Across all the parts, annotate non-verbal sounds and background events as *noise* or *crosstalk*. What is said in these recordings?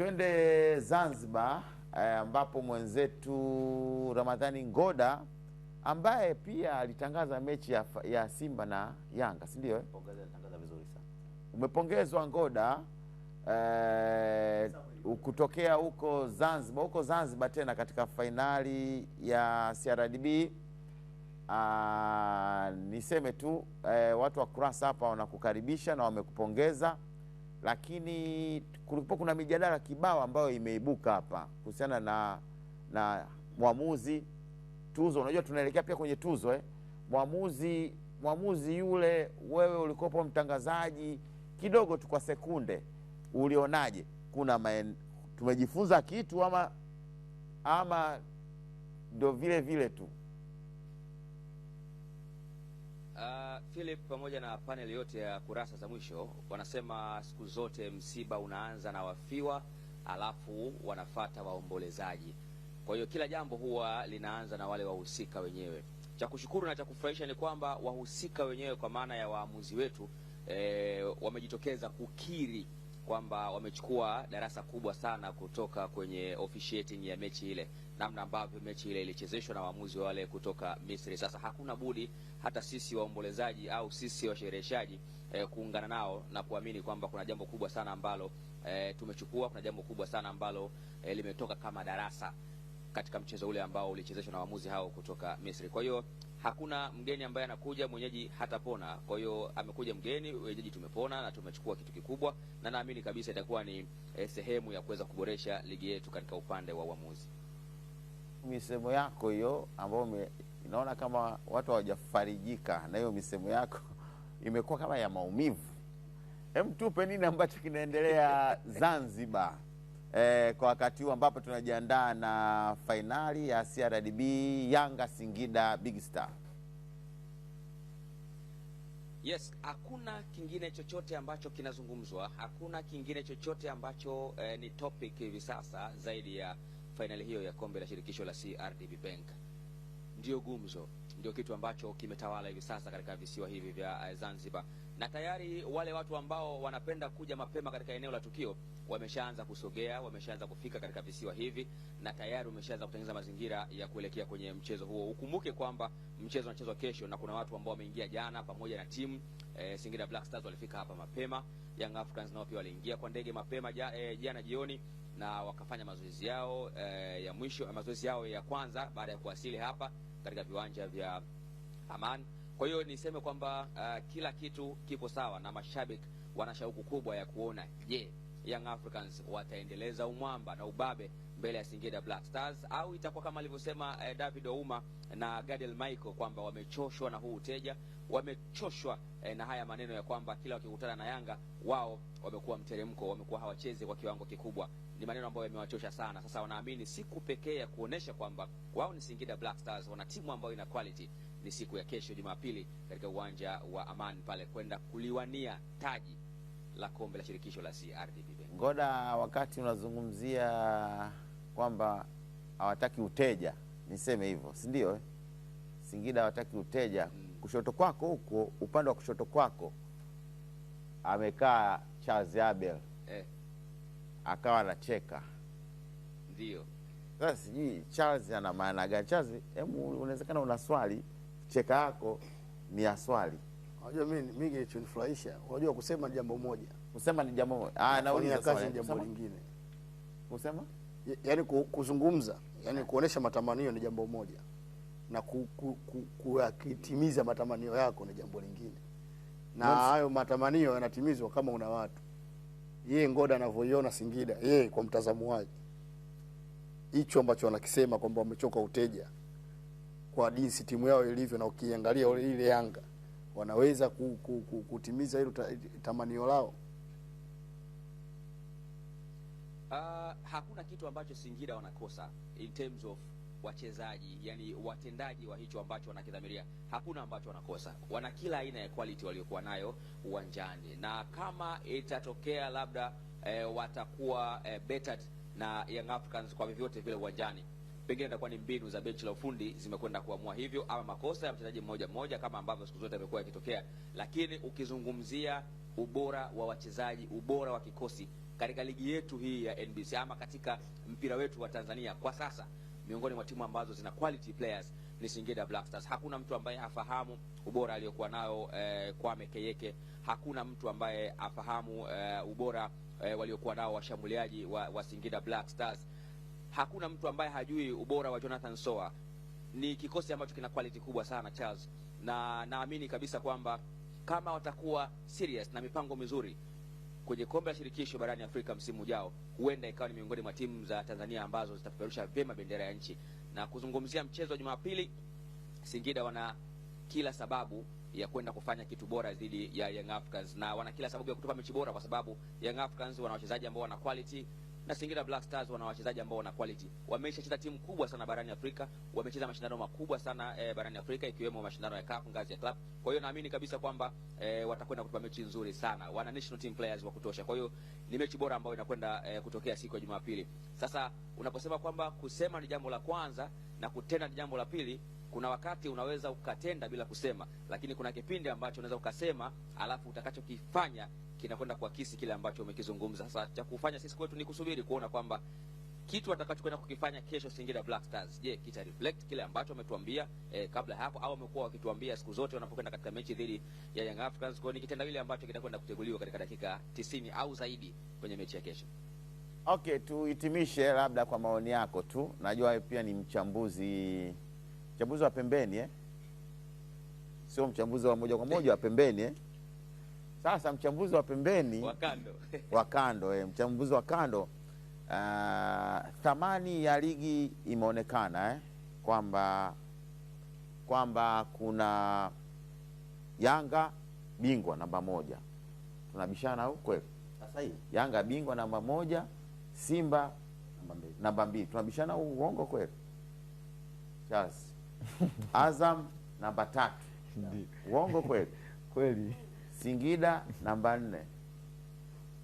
twende Zanzibar eh, ambapo mwenzetu Ramadhani Ngoda ambaye pia alitangaza mechi ya, ya Simba na Yanga, si ndio? Eh? Umepongezwa Ngoda eh, kutokea huko Zanzibar, huko Zanzibar tena katika fainali ya CRDB. Ah, niseme tu eh, watu wa kurasa hapa wanakukaribisha na wamekupongeza lakini kulikuwa kuna mijadala kibao ambayo imeibuka hapa kuhusiana na na mwamuzi tuzo. Unajua tunaelekea pia kwenye tuzo eh? Mwamuzi mwamuzi yule, wewe ulikopo mtangazaji, kidogo tu kwa sekunde, ulionaje? Kuna maen, tumejifunza kitu ama ama ndo vile vile tu? Philip pamoja na panel yote ya kurasa za mwisho wanasema siku zote msiba unaanza na wafiwa, alafu wanafata waombolezaji. Kwa hiyo kila jambo huwa linaanza na wale wahusika wenyewe. Cha kushukuru na cha kufurahisha ni kwamba wahusika wenyewe kwa maana ya waamuzi wetu e, wamejitokeza kukiri kwamba wamechukua darasa kubwa sana kutoka kwenye officiating ya mechi ile, namna ambavyo mechi ile ilichezeshwa na waamuzi wale kutoka Misri. Sasa hakuna budi hata sisi waombolezaji au sisi washereheshaji eh, kuungana nao na kuamini kwamba kuna jambo kubwa sana ambalo eh, tumechukua, kuna jambo kubwa sana ambalo eh, limetoka kama darasa katika mchezo ule ambao ulichezeshwa na waamuzi hao kutoka Misri. Kwa hiyo hakuna mgeni ambaye anakuja mwenyeji hatapona. Kwa hiyo amekuja mgeni, wenyeji tumepona na tumechukua kitu kikubwa, na naamini kabisa itakuwa ni eh, sehemu ya kuweza kuboresha ligi yetu katika upande wa uamuzi. Misemo yako hiyo ambayo inaona kama watu hawajafarijika na hiyo misemo yako *laughs* imekuwa kama ya maumivu. Hem, tupe nini ambacho kinaendelea *laughs* Zanzibar? eh, kwa wakati huu ambapo tunajiandaa na fainali ya CRDB Yanga Singida Big Star. Yes, hakuna kingine chochote ambacho kinazungumzwa, hakuna kingine chochote ambacho eh, ni topic hivi sasa zaidi ya fainali hiyo ya kombe la shirikisho la CRDB Bank. ndio gumzo, ndio kitu ambacho kimetawala hivi sasa katika visiwa hivi vya eh, Zanzibar na tayari wale watu ambao wanapenda kuja mapema katika eneo la tukio wameshaanza kusogea, wameshaanza kufika katika visiwa hivi na tayari wameshaanza kutengeneza mazingira ya kuelekea kwenye mchezo huo. Ukumbuke kwamba mchezo unachezwa kesho na kuna watu ambao wameingia jana pamoja na timu e, Singida Black Stars walifika hapa mapema. Young Africans nao pia waliingia kwa ndege mapema ja, e, jana jioni na wakafanya mazoezi yao e, ya mwisho mazoezi yao ya kwanza baada ya kuwasili hapa katika viwanja vya Amani. Kwa hiyo niseme kwamba uh, kila kitu kipo sawa na mashabiki wana shauku kubwa ya kuona je, yeah, Young Africans wataendeleza umwamba na ubabe mbele ya Singida Black Stars au itakuwa kama alivyosema eh, David Ouma na Gadiel Michael kwamba wamechoshwa na huu uteja, wamechoshwa eh, na haya maneno ya kwamba kila wakikutana na Yanga wao wamekuwa mteremko, wamekuwa hawachezi kwa kiwango kikubwa. Ni maneno ambayo yamewachosha sana. Sasa wanaamini siku pekee ya kuonesha kwamba wao ni Singida Black Stars, wana timu ambayo ina quality ni siku ya kesho Jumapili katika uwanja wa Amani pale kwenda kuliwania taji la kombe la shirikisho la CRDB. Ngoda, wakati unazungumzia kwamba hawataki uteja, niseme hivyo, si ndio? Eh, Singida hawataki uteja hmm. Kushoto kwako huko, upande wa kushoto kwako amekaa Charles Abel eh, akawa anacheka ndio sasa sijui Charles ana maana gani? Charles, hebu unawezekana una swali cheka yako ni aswali. Unajua mimi mimi kilichonifurahisha, unajua kusema ni jambo moja, kusema ni jambo moja, ah, na wewe kazi ni jambo lingine, kusema yaani kuzungumza, yaani kuonesha matamanio ni jambo moja, na kuyakitimiza ku, ku, matamanio yako ni jambo lingine, na hayo matamanio yanatimizwa kama una watu, yeye Ngoda anavyoiona Singida, yeye kwa mtazamo wake, hicho ambacho anakisema kwamba wamechoka uteja kwa jinsi timu yao ilivyo, na ukiangalia ile Yanga wanaweza ku, ku, ku, kutimiza hilo tamanio lao. Uh, hakuna kitu ambacho Singida wanakosa in terms of wachezaji, yani watendaji wa hicho ambacho wanakidhamiria, hakuna ambacho wanakosa. Wana kila aina ya quality waliokuwa nayo uwanjani, na kama itatokea labda eh, watakuwa eh, better na Young Africans kwa vyovyote vile uwanjani pengine itakuwa ni mbinu za benchi la ufundi zimekwenda kuamua hivyo, ama makosa ya mchezaji mmoja mmoja kama ambavyo siku zote imekuwa ikitokea. Lakini ukizungumzia ubora wa wachezaji, ubora wa kikosi katika ligi yetu hii ya NBC ama katika mpira wetu wa Tanzania kwa sasa, miongoni mwa timu ambazo zina quality players ni Singida Black Stars. Hakuna mtu ambaye afahamu ubora aliyokuwa nao eh, Kwame Keyeke. Hakuna mtu ambaye afahamu eh, ubora eh, waliokuwa nao washambuliaji wa, wa Singida Black Stars hakuna mtu ambaye hajui ubora wa Jonathan Soa. Ni kikosi ambacho kina quality kubwa sana Charles, na naamini kabisa kwamba kama watakuwa serious na mipango mizuri kwenye kombe la shirikisho barani Afrika msimu ujao, huenda ikawa ni miongoni mwa timu za Tanzania ambazo zitapeperusha vyema bendera ya nchi. Na kuzungumzia mchezo wa Jumapili, Singida wana kila sababu ya kwenda kufanya kitu bora dhidi ya Young Africans, na wana kila sababu ya kutupa mechi bora, kwa sababu Young Africans wana wachezaji ambao wana quality na Singida Black Stars wana wachezaji ambao wana quality, wameshacheza timu kubwa sana barani Afrika, wamecheza mashindano makubwa sana e, barani Afrika ikiwemo mashindano ya CAF ngazi ya club. Kwa hiyo naamini kabisa kwamba e, watakwenda kutupa mechi nzuri sana, wana national team players wa kutosha. Kwa hiyo ni mechi bora ambayo inakwenda e, kutokea siku ya Jumapili. Sasa unaposema kwamba kusema ni jambo la kwanza na kutenda ni jambo la pili, kuna wakati unaweza ukatenda bila kusema, lakini kuna kipindi ambacho unaweza ukasema alafu utakachokifanya kinakwenda kuakisi kile ambacho umekizungumza. Sasa cha kufanya sisi kwetu ni kusubiri kuona kwamba kitu atakachokwenda kukifanya kesho Singida Black Stars, je, kita reflect kile ambacho ametuambia eh, kabla hapo au amekuwa akituambia siku zote wanapokwenda katika mechi dhidi ya Young Africans. Kwa ni kitendawili ambacho kitakwenda kuteguliwa katika dakika 90 au zaidi kwenye mechi ya kesho. Okay, tuhitimishe labda kwa maoni yako tu, najua pia ni mchambuzi mchambuzi wa pembeni eh? Sio mchambuzi wa moja kwa moja wa pembeni eh? Sasa mchambuzi wa pembeni wa kando, *laughs* wa kando eh, mchambuzi wa kando uh, thamani ya ligi imeonekana eh, kwamba kwamba kuna Yanga bingwa namba moja, tunabishana huko kweli? Sasa hii Yanga bingwa namba moja, Simba namba mbili, tunabishana uongo kweli? Charles *laughs* Azam namba tatu, uongo kweli? *laughs* kweli Singida namba nne.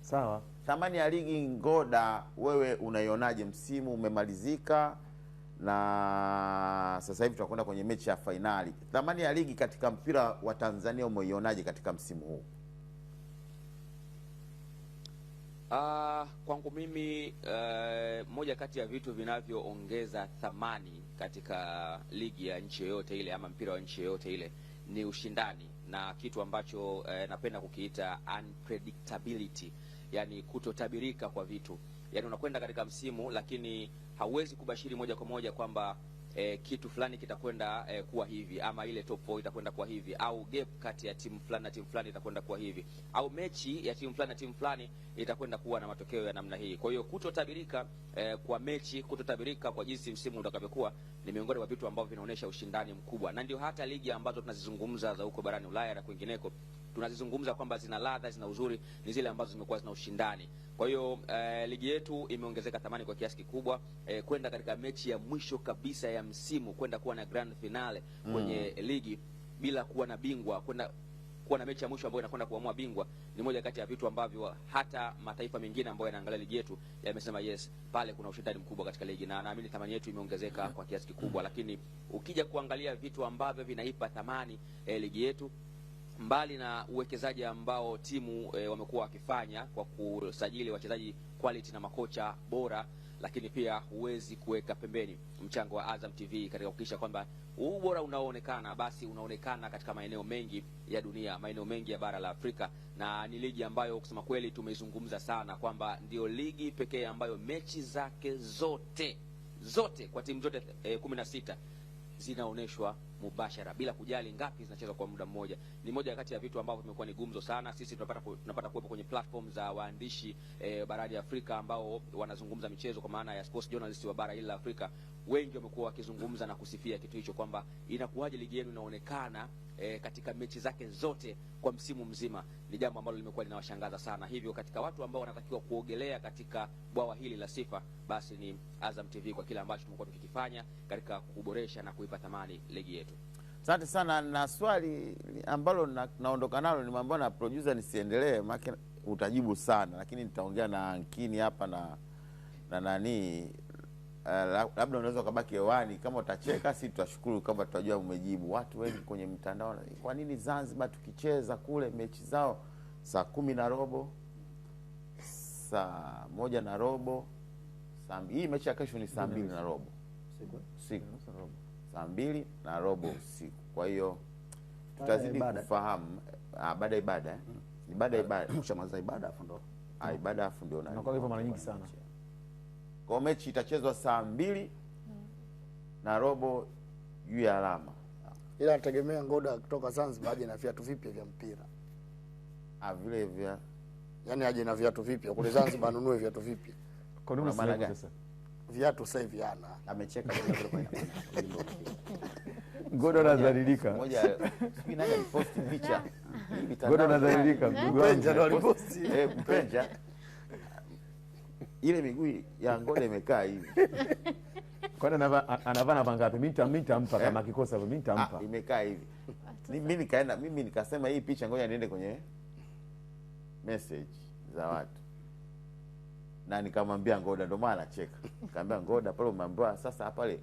Sawa. Thamani ya ligi Ngoda, wewe unaionaje? Msimu umemalizika na sasa hivi tunakwenda kwenye mechi ya fainali. Thamani ya ligi katika mpira wa Tanzania umeionaje katika msimu huu? Uh, kwangu mimi uh, moja kati ya vitu vinavyoongeza thamani katika ligi ya nchi yoyote ile ama mpira wa nchi yoyote ile ni ushindani na kitu ambacho eh, napenda kukiita unpredictability, yani kutotabirika kwa vitu, yani unakwenda katika msimu, lakini hauwezi kubashiri moja kwa moja kwamba eh, kitu fulani kitakwenda eh, kuwa hivi ama ile top 4 itakwenda kuwa hivi au gap kati ya timu fulani na timu fulani itakwenda kuwa hivi au mechi ya timu fulani na timu fulani itakwenda kuwa na matokeo ya namna hii. Kwa hiyo kutotabirika eh, kwa mechi, kutotabirika kwa jinsi msimu utakavyokuwa ni miongoni mwa vitu ambavyo vinaonyesha ushindani mkubwa, na ndio hata ligi ambazo tunazizungumza za huko barani Ulaya na kwingineko tunazizungumza kwamba zina ladha, zina uzuri, ni zile ambazo zimekuwa zina ushindani. Kwa hiyo eh, ligi yetu imeongezeka thamani kwa kiasi kikubwa eh, kwenda katika mechi ya mwisho kabisa ya msimu kwenda kuwa na grand finale mm. kwenye mm. ligi bila kuwa na bingwa kwenda kuwa na mechi ya mwisho ambayo inakwenda kuamua bingwa ni moja kati ya vitu ambavyo hata mataifa mengine ambayo yanaangalia ligi yetu yamesema yes, pale kuna ushindani mkubwa katika ligi, na naamini thamani yetu imeongezeka mm. kwa kiasi kikubwa. Lakini ukija kuangalia vitu ambavyo vinaipa thamani eh, ligi yetu mbali na uwekezaji ambao timu e, wamekuwa wakifanya kwa kusajili wachezaji quality na makocha bora, lakini pia huwezi kuweka pembeni mchango wa Azam TV katika kuhakikisha kwamba huu bora unaoonekana basi unaonekana katika maeneo mengi ya dunia, maeneo mengi ya bara la Afrika, na ni ligi ambayo kusema kweli tumeizungumza sana kwamba ndio ligi pekee ambayo mechi zake zote zote kwa timu zote e, kumi na sita zinaonyeshwa mubashara bila kujali ngapi zinachezwa kwa muda mmoja. Ni moja kati ya vitu ambavyo vimekuwa ni gumzo sana. Sisi tunapata ku, tunapata kuwepo kwenye platform za waandishi e, barani Afrika ambao wanazungumza michezo kwa maana ya sports journalist wa bara hili la Afrika wengi wamekuwa wakizungumza na kusifia kitu hicho kwamba inakuwaje ligi yenu inaonekana e, katika mechi zake zote kwa msimu mzima. Ni jambo ambalo limekuwa linawashangaza sana. Hivyo katika watu ambao wanatakiwa kuogelea katika bwawa hili la sifa, basi ni Azam TV kwa kile ambacho tumekuwa tukikifanya katika kuboresha na kuipa thamani ligi yetu. Asante sana, na swali ambalo na, naondoka nalo mambo na producer nisiendelee, maana utajibu sana, lakini nitaongea na Ankini hapa na na nani uh, labda unaweza ukabaki hewani kama utacheka, si tutashukuru kama tutajua umejibu. Watu wengi kwenye mtandao, kwa nini Zanzibar tukicheza kule mechi zao saa kumi na robo saa moja na robo saa hii mechi ya kesho ni saa mbili na robo usiku, saa mbili na robo usiku. Kwa hiyo tutazidi kufahamu ah, baada ya ibada, eh? ibada ibada, ibada afu ndo ah, ibada afu ndio mara nyingi sana kwa mechi itachezwa saa mbili na robo juu ya alama, ila nategemea Ngoda kutoka Zanzibar aje na viatu vipya vya mpira ah, vile vya yani, aje na viatu vipya kule Zanzibar, anunue viatu vipya. Kwa nini maana gani? Viatu sasa hivi ana amecheka *laughs* Ngoda anadhalilika, moja sijui nani aliposti picha, Ngoda anadhalilika, eh? mpenja ndio aliposti eh, mpenja ile miguu ya Ngoda imekaa hivi *laughs* kwani anavaa namba ngapi? Mimi nitampa kama akikosa eh? mimi nitampa. Ah, imekaa hivi mimi nikaenda, mimi nikasema hii picha, ngoja niende kwenye message za watu na nikamwambia Ngoda, ndo maana nacheka. Nikamwambia Ngoda, pale umeambiwa sasa pale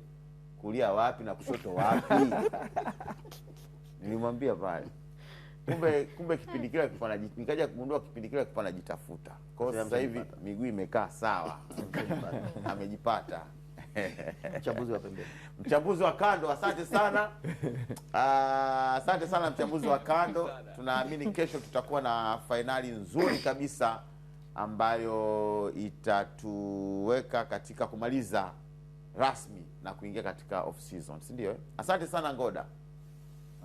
kulia wapi na kushoto wapi? *laughs* nilimwambia pale kumbe kumbe kipindi kile alikuwa anajikaja kugundua kipindi kile alikuwa anajitafuta. Kwa hiyo sasa hivi miguu imekaa sawa, amejipata. Mchambuzi wa pembeni, mchambuzi wa kando, asante sana. Ah, asante sana mchambuzi wa kando. Tunaamini kesho tutakuwa na fainali nzuri kabisa ambayo itatuweka katika kumaliza rasmi na kuingia katika off season, si ndio? Eh? Asante sana Ngoda.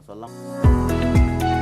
Asalamu